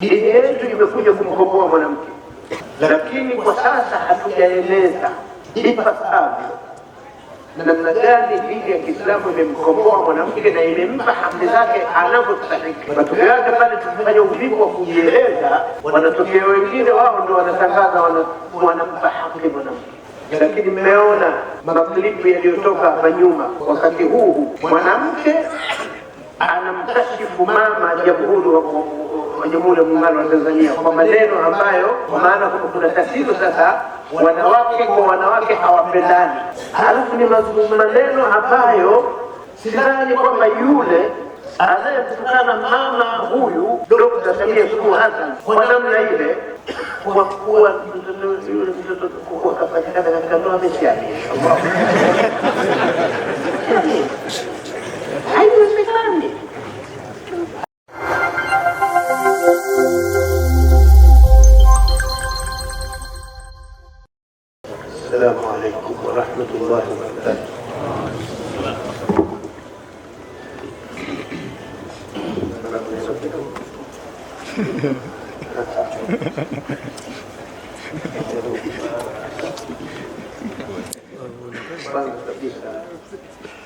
Dini yetu imekuja kumkomboa mwanamke, lakini kwa sasa hatujaeleza ipasavyo namna gani dini ya Kiislamu imemkomboa mwanamke na imempa haki zake anavyostahiki. Matokeo yake pale tukifanya uvivu wa kujieleza, wanatokea wengine, wao ndio wanatangaza wanampa haki mwanamke. Lakini mmeona maklipu yaliyotoka hapa nyuma, wakati huu mwanamke anamkashifu mama jamhuri wa Jamhuri ya Muungano wa Tanzania kwa maneno ambayo, kwa maana kuna tatizo sasa, wanawake kwa wanawake hawapendani, halafu ni maneno ambayo sidhani kwamba yule anayemtukana mama huyu Dokta Samia Suluhu Hassan kwa namna ile, kwa kuwa yule mtoto kapatikana katika ndoa ameshaisha عنك السلام عليكم ورحمة الله وبركاته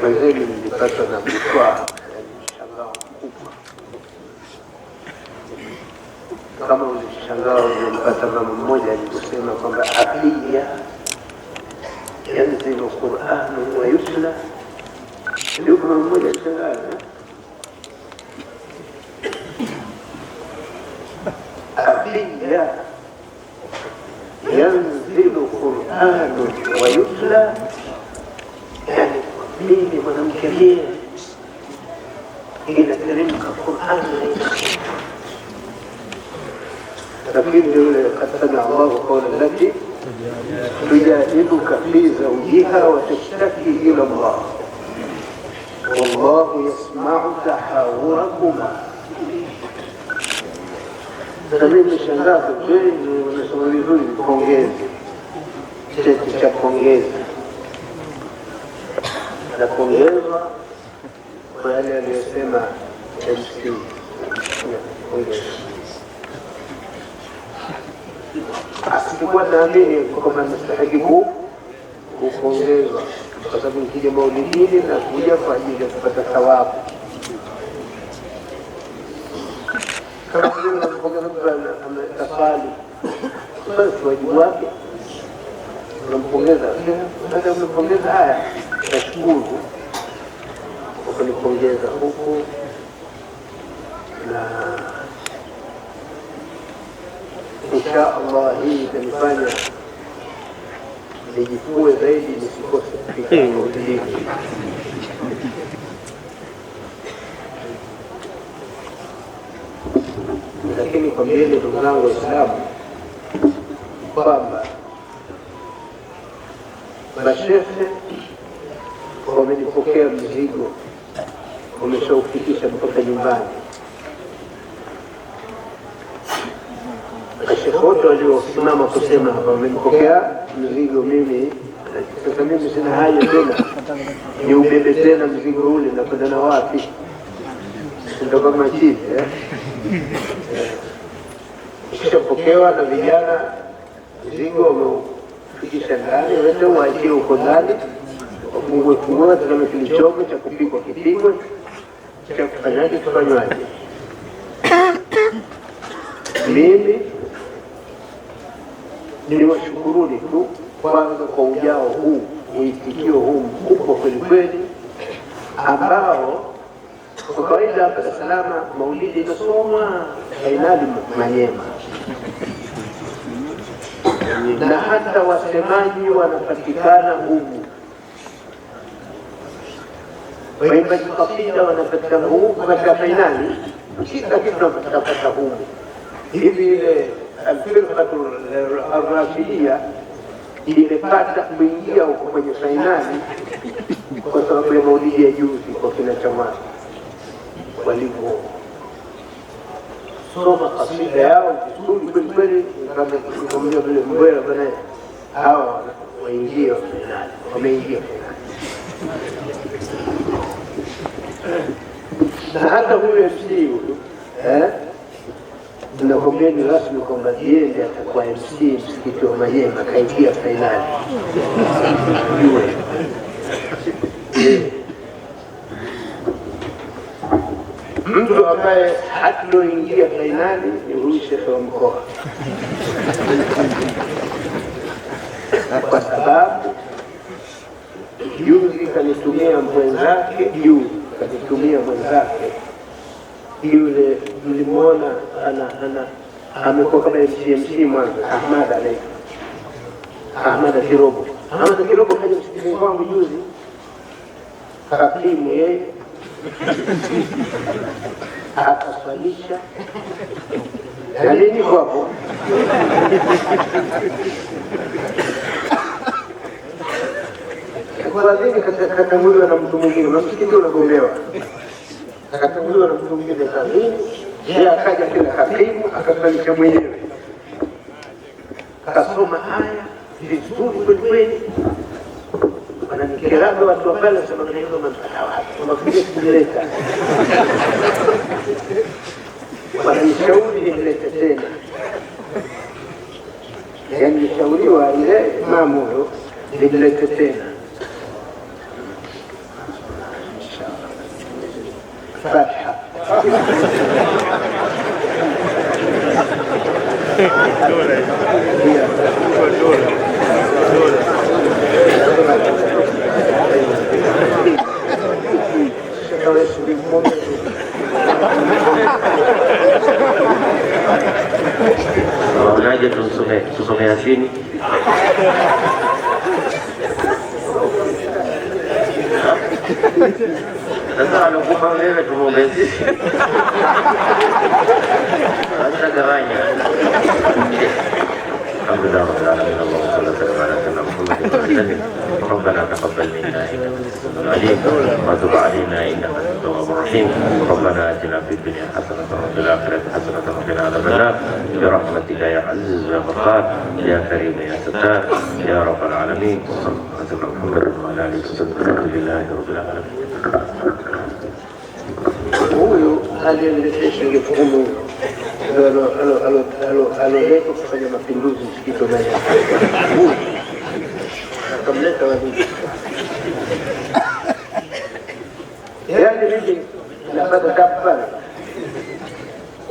Mwenzenu nilipatwa na mkwaa, mshangao mkubwa kama ulishangaa ulimpata mama mmoja alikusema kwamba abiya yanzilu quranu wa yusla. Ndio mama mmoja alishangaa abiya yanzilu quranu wa yusla ليه مهم كبير إلى كريم القرآن لكن قد سمع الله قول التي تجادلك في زوجها وتشتكي إلى الله والله يسمع تحاوركما Zabijmy się razem, czyli one są różni w na kuongezwa kwa yale aliyosema MC asikuwa naamini kwamba mstahiki huu kupongezwa kwa sababu nikija maulidini na kuja kwa ajili ya kupata thawabu. Kama vile unampongeza mtu amesafari, wajibu wake unampongeza, unampongeza haya Nashukuru kwa kunipongeza huku na insha Allah, hii itanifanya nijikue zaidi nisikose kufika hmm. dini. Lakini kwambieni ndugu zangu Waislamu kwamba mashehe wamenipokea mzigo, wameshaufikisha mpaka nyumbani. Mashekhe wote waliosimama kusema wamenipokea mzigo mimi, sasa mimi sina haja tena ni ubebe tena mzigo ule, nakwenda na wapi? Ndo kama chizi eh? ukishapokewa na vijana, mzigo wameufikisha ndani, wete uachie huko ndani Mungu wetu mwema, tazame kilichopo cha kupigwa kipigwe, cha kufanyaje tufanywaje. Mimi niwashukuruni tu kwanza kwa ujao huu, uitikio huu mkubwa kweli kweli, ambao kwa kawaida hapa Dar es Salaam maulidi inasomwa fainali Manyema na hata wasemaji wanapatikana humu Waimbaji makapida wanapatikana huku katika fainali, kila kitu kinapatikana huku hivi. Ile alfirqatul imepata kuingia huko kwenye fainali kwa sababu ya maulidi ya juzi kwa kina Chamwino walivyo soma kasida yao vizuri kweli kweli, vile mbwela bana, hawa waingia fainali, wameingia fainali na hata huyo MC huyu eh, nakombeni rasmi kwamba Diende atakuwa MC msikiti wa Majengo, akaingia fainali mtu ambaye hatuloingia fainali ni huyu shekhe wa mkoa kwa sababu juzi kanitumia mwenzake juu akitumia mwenzake yule mlimwona ana ana amekuwa kama MCMC Mwanza, Ahmad ale Ahmad Kirobo. Ahmad Kirobo kaja msikitini wangu juzi, hakimu yeye akaswalisha nalini kwapo mara nyingi katanguliwa na mtu mwingine, unasikitio unagombewa, akatanguliwa na mtu mwingine kazini, yeye akaja tena hakimu akakalisha mwenyewe, akasoma haya vizuri kwelikweli, wananikeraga watu wapale wapaleaaawaamakuja Kiingereza wananishauri nielete tena, yaani nishauriwa ile mamo nilete tena Fatha. Se non esci di un mondo No, non è che sono sono Tentu ada kumpang dia cuma bensin. Ada gerainya. Alhamdulillah, Ya Ya Ya Ya Huyu aliyeniletea elfu kumi aloleta kufanya mapinduzi msikito naye akamleta waziri, yaani mimi napata kafara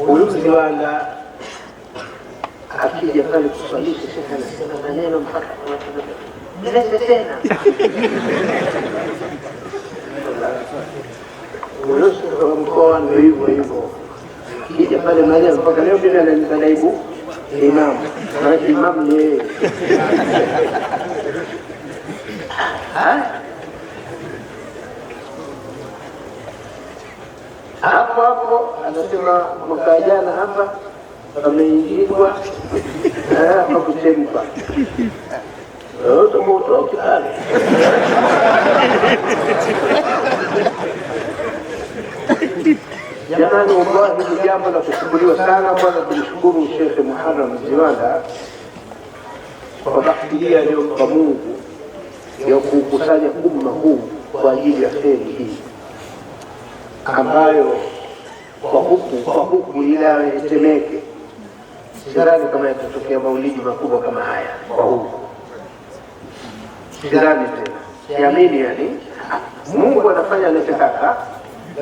unuzi wala akija pale kuswalisha, shekhe anasema maneno mpaka Nilete tena unusu mkoa ndio hivyo hivyo, kija pale maana mpaka leo mimi ananidaibu imamu, maana imamu ni yeye. Hapo hapo anasema mwaka jana hapa ameingizwa eh, hapa kuchemka Öldüm oturup yani. Jamani, wallahi ni jambo la kushukuriwa sana. Kwanza tumshukuru Shekhe Muharram Ziwanda kwa bahati hii aliyompa Mungu ya kuukusanya umma huu kwa ajili ya kheri hii ambayo kwa huku kwa huku ila Temeke kama yakutokea maulidi makubwa kama haya kwa sidhani tena, siamini. Yani Mungu anafanya anachotaka,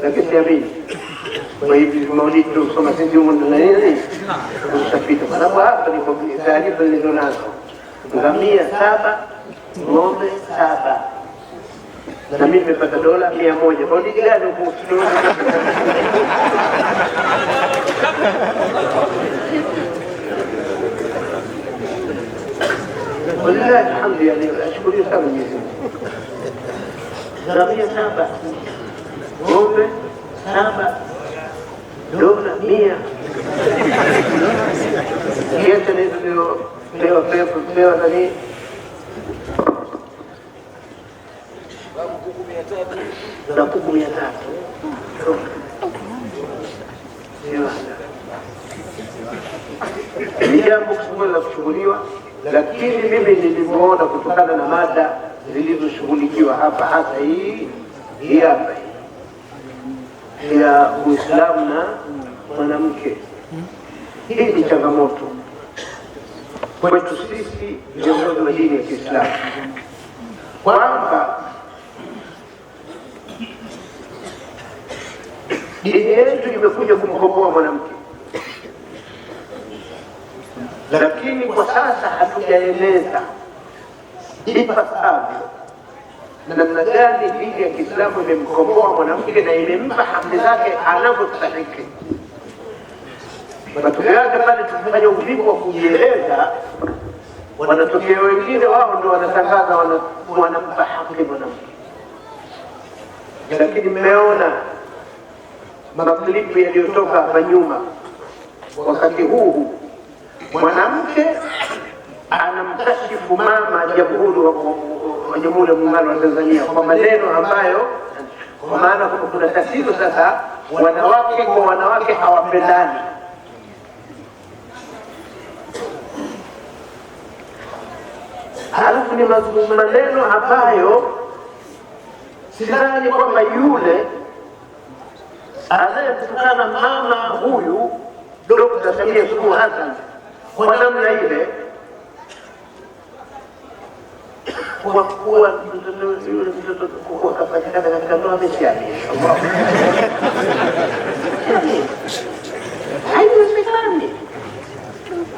lakini siamini. Kwa hivyo tu tulisoma sisi huko na nini tutapita, kwa sababu hapa ni taarifa zilizo nazo ngamia saba ng'ombe saba na mimi nimepata dola mia moja. Kwa nini gani huko ولله الحمد يعني الأشكر يسمي رمية سابع مؤمن سابع دولة مية يتني بيو بيو بيو بيو ذلك na kuku mia tatu ni jambo kubwa la kushughuliwa lakini mimi nilimwona kutokana na mada zilizoshughulikiwa hapa, hasa hii hii hapa ya Uislamu na mwanamke. Hii ni changamoto kwetu sisi viongozi wa dini ya Kiislamu kwamba dini yetu imekuja kumkomboa mwanamke lakini kwa sasa hatujaeleza ipasavyo namna gani dini ya Kiislamu imemkomboa mwanamke na imempa haki zake anavyostahiki. Matokeo yake pale tukifanya uvivu wa kujieleza, wanatokea wengine, wao ndio wanatangaza wanampa haki mwanamke, lakini mmeona maklipu yaliyotoka hapa nyuma wakati huu mwanamke anamkashifu mama jamhuri wa Jamhuri ya Muungano wa Tanzania kwa maneno ambayo, kwa maana kuna tatizo sasa, wanawake kwa wanawake hawapendani. Halafu ni maneno ambayo sidhani kwamba yule anayetukana mama huyu Dr. Samia Suluhu Hassan kwa namna ile, kwa kuwa yule mtoto mkubwa akapatikana katika ndoa ameshaamishwa, haiwezekani,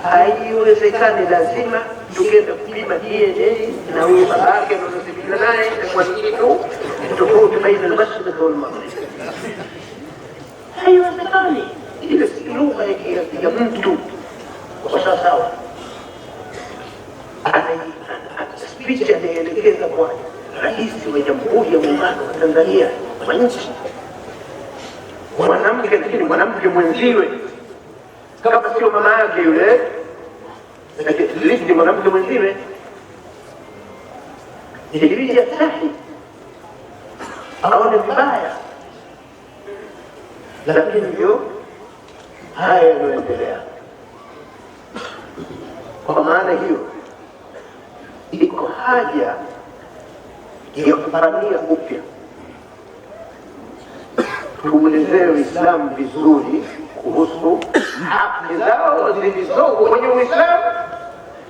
haiwezekani. Lazima tukienda kupima DNA na huyo babake anaosikiliza naye kwa kitu tofauti baina al-mashariki wal maghrib, haiwezekani. Ile si lugha ya mtu hapo sawasawa. Spichi anaelekeza kwa rais wa Jamhuri ya Muungano wa Tanzania wa nchi, mwanamke, lakini mwanamke mwenziwe, kama sio mama yake yule, ni mwanamke mwenziwe ilija sahi aone vibaya, lakini ndio haya yanayoendelea. Kwa maana hiyo, iko haja ya kupangia upya, tuuelezee Uislamu vizuri kuhusu haki zao zilizoko kwenye Uislamu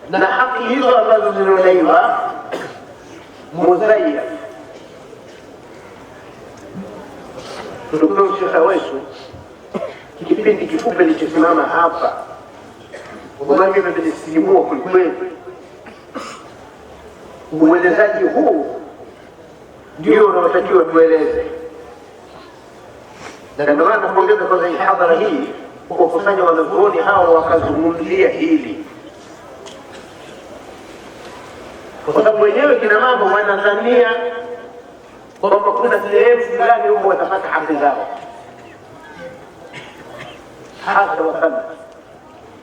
na haki hizo ambazo zinadaiwa muzaia Ndugu sheha wetu, kipindi kifupi lichosimama hapa kwa maana kwelikweli. Uelezaji huu ndio unaotakiwa tueleze, na ndio maana kuongeza kwanza hii hadhara hii kuwakusanya wanazuoni hao wakazungumzia hili, kwa sababu wenyewe kina mama wanadhania kwamba kuna sehemu fulani huko watapata haki zao hasa wasana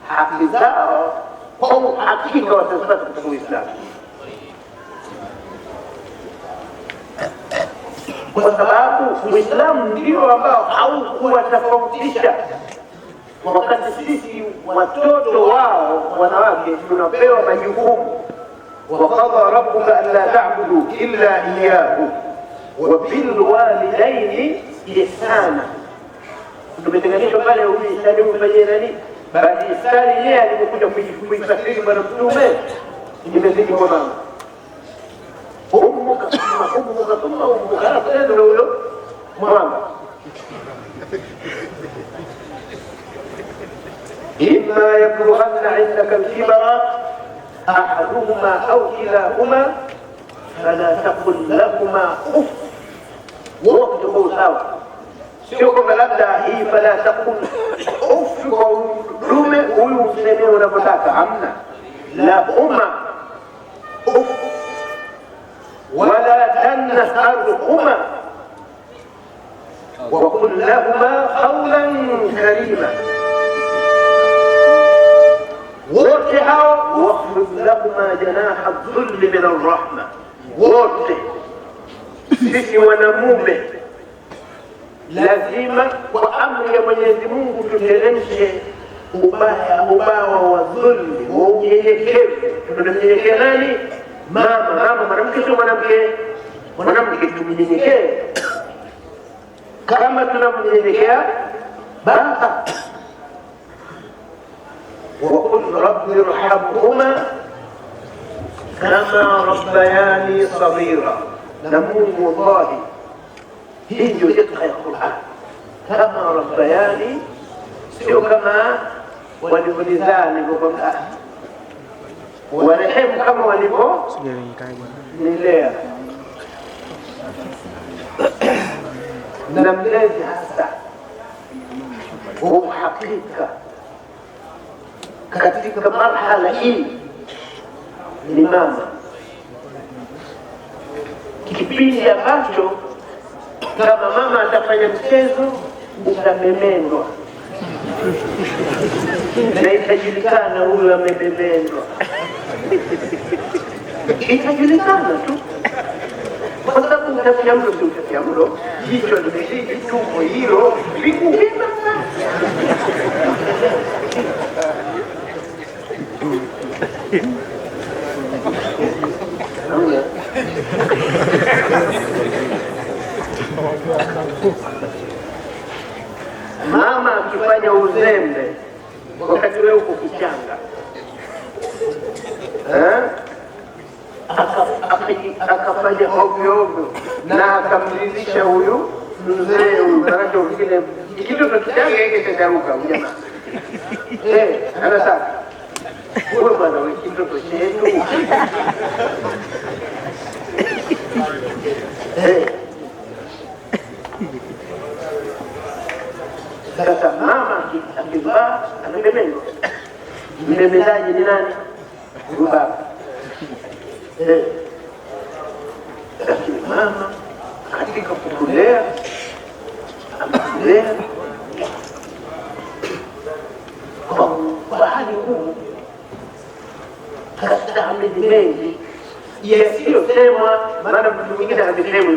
haki zao kwa uhakika watazipata katika Uislamu, kwa sababu Uislamu ndio ambao haukuwatofautisha wakati sisi watoto wao wanawake tunapewa majukumu. wakadha rabbuka alla ta'budu illa iyyahu wa bil walidaini ihsana, tumetenganishwa pale uhisani ufanye nani Baba Isari yeye alikuja kuisafiri Bwana Mtume, imezidi kwa mama umumuka umumuka umumuka, alafu ndio huyo mwanga imma yakruhanna indaka alkibara ahaduhuma au kilahuma fala taqul lahuma uff, wote sawa, sio kwamba labda hii fala taqul mtu wa udume huyu usemee unavyotaka, hamna la umma wala tanharhuma wakul lahuma qawlan karima, wote hao wakfid lahuma janaha dhulli min arrahma, wote sisi wanamume lazima kwa amri ya Mwenyezi Mungu tuteremshe ubaya ubawa wa dhulmi wa unyenyekevu. Tunamnyenyekea nani? Mama, mama, mwanamke, sio mwanamke, mwanamke tumnyenyekee kama tunamnyenyekea baba. Waqul rabbi irhamhuma kama rabbayani saghira, na Mungu wallahi Hii ndio iqra ya Qur'an kama rabbayani, sio kama walivyonizaa walivyokwambia, warehemu kama walivyonilea na mlezi hasa wa uhakika katika marhala hii ni mama, kipindi ambacho kama mama atafanya mchezo utamemendwa na itajulikana huyu amebebendwa, itajulikana tu, kwa sababu utapia mlo si utapia mlo, jicho limezidi tumbo, hilo vikuvima mama akifanya uzembe wakati wewe uko kichanga eh? akafanya ovyo ovyo na akamridhisha huyu mzee huyu, kitu cha kichanga hiki chacharuka ujamaa. Eh, Anasema wewe bwana, wewe kitoto chetu eh. Sasa mama akivaa amememezwa, mmemezaji ni nani? Baba. Eh. Lakini mama katika kukulea amekulea kwa hali ngumu, katika hamlezi mengi yasiyosemwa, maana mtu mwingine havisemwi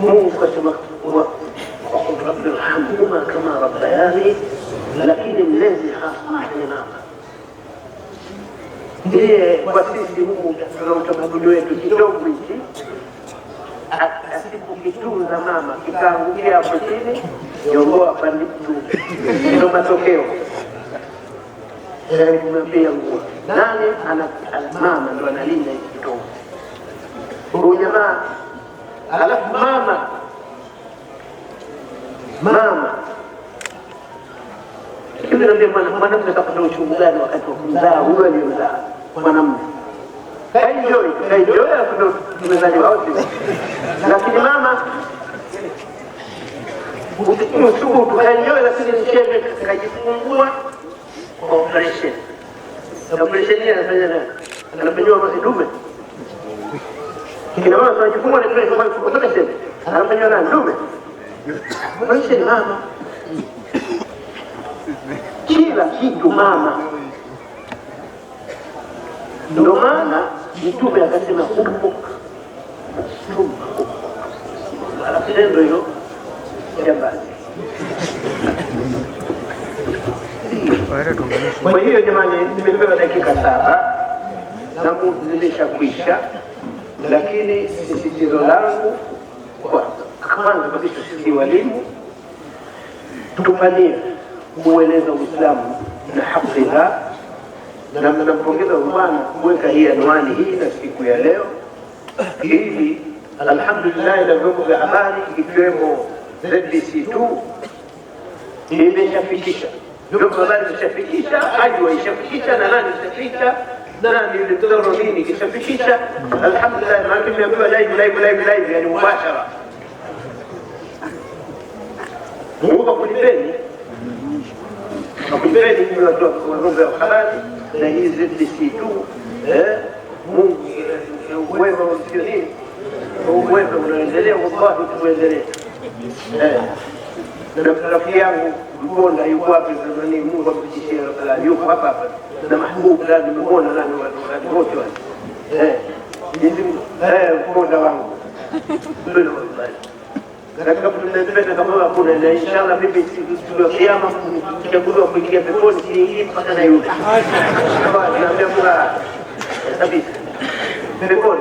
Mungu kasema rabirhamhuma kama rabbayani, lakini mlezi haana ndiye kwa sisi huku na utamaduni wetu kidogo hichi asikukitunza mama kikaangukia hapo chini, jongoa pande mtu ndio matokeo. Kumwambia yaani nguo nani, mama ndo analinda hiki Huyu jamaa alafu mama mama mwanamke kapata uchungu gani wakati wa kumzaa huyo aliyemzaa mwanamume kaijoi kaijoi wote, lakini mama kaijoi, lakini mcheme kajifungua kwa operesheni. Operesheni anafanya nani? Anafanyiwa dume Kina mama tunajifungua na tunajifungua kutoka sisi. Anafanywa na ndume. Maisha ni mama. Kila kitu mama. Ndio maana mtume akasema kumbuka. Anatendo hilo jambazi. Kwa hiyo jamani, nimebeba dakika saba na muda zimeshakwisha lakini sisitizo langu kwanza kabisa, sisi walimu tufanyie kueleza Uislamu na haki za na mnampongeza umana kuweka hii anwani hii na siku ya leo, hivi alhamdulillah, na vyombo vya habari ikiwemo ZBC2 imeshafikisha vyombo vya habari imeshafikisha, aji ishafikisha na nani ishafikisha درهم اللي تدور فيني قسم في شيشة الحمد لله ما كنا نقول لايف لايف لايف لايف يعني مباشرة مو بقول بيني بقول بيني من الربع وخلاني نهيز اللي سيتو وين هو مسكين هو وين هو نزلين والله هو نزلين na rafiki yangu mbona yuko hapa Tanzania, Mungu amfikishie afadhali, yuko hapa hapa na mahbubu la nimeona nani watu wote wale eh, ndio eh, mkonda wangu ndio katika tunapenda kama hakuna na inshallah, mimi siku ya kiyama nitakuwa kuingia peponi hii mpaka na yule kama naambia kwa sababu peponi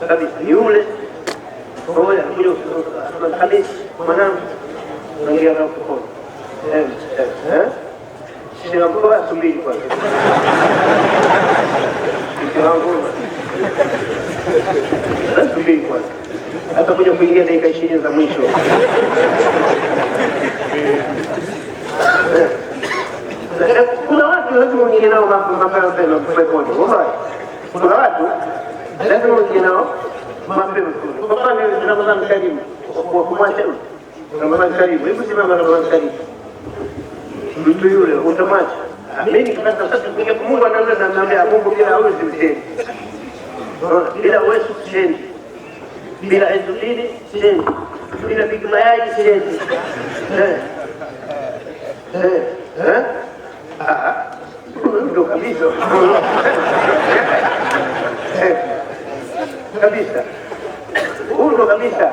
sababu yule kwa hiyo mwanangu unaongea nao sokoni. Sinaokoa subiri kwanza, mke wangu subiri kwanza, atakuja kuingia dakika ishirini za mwisho. Kuna watu lazima uingie nao mapema peponi. Kuna watu lazima uingie nao mapema. Karimu wakumwacha muito yule utamwacha mimi está sasa Mungu anaanza na mambo ya Mungu bila wewe usimtende bila wewe usimtende é hizo dini usimtende bila bigma yake usimtende eh eh eh ndo kabisa kabisa huko kabisa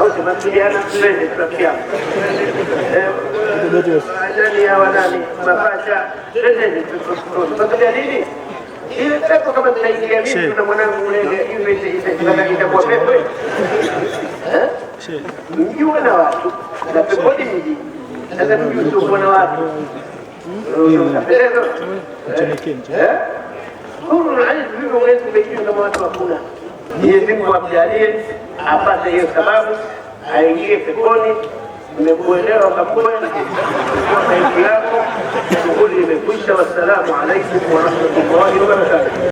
au tunapigana mene tunapigana ajali ya wanani mapasha mene tunapigana nini ile pepo kama tunaingia mimi na mwanangu ule itakuwa pepo mjue na watu na peponi mjini sasa mji usiokuwa na watu unapendeza nuru na ilmu hivyo unaweza kuingia kama watu hakuna Mwenyezi Mungu amjalie apate hiyo sababu, aingie peponi. Nimekuelewa kakweli, kwa sauti yako. Shughuli imekwisha. Wassalamu alaikum warahmatullahi wabarakatuh.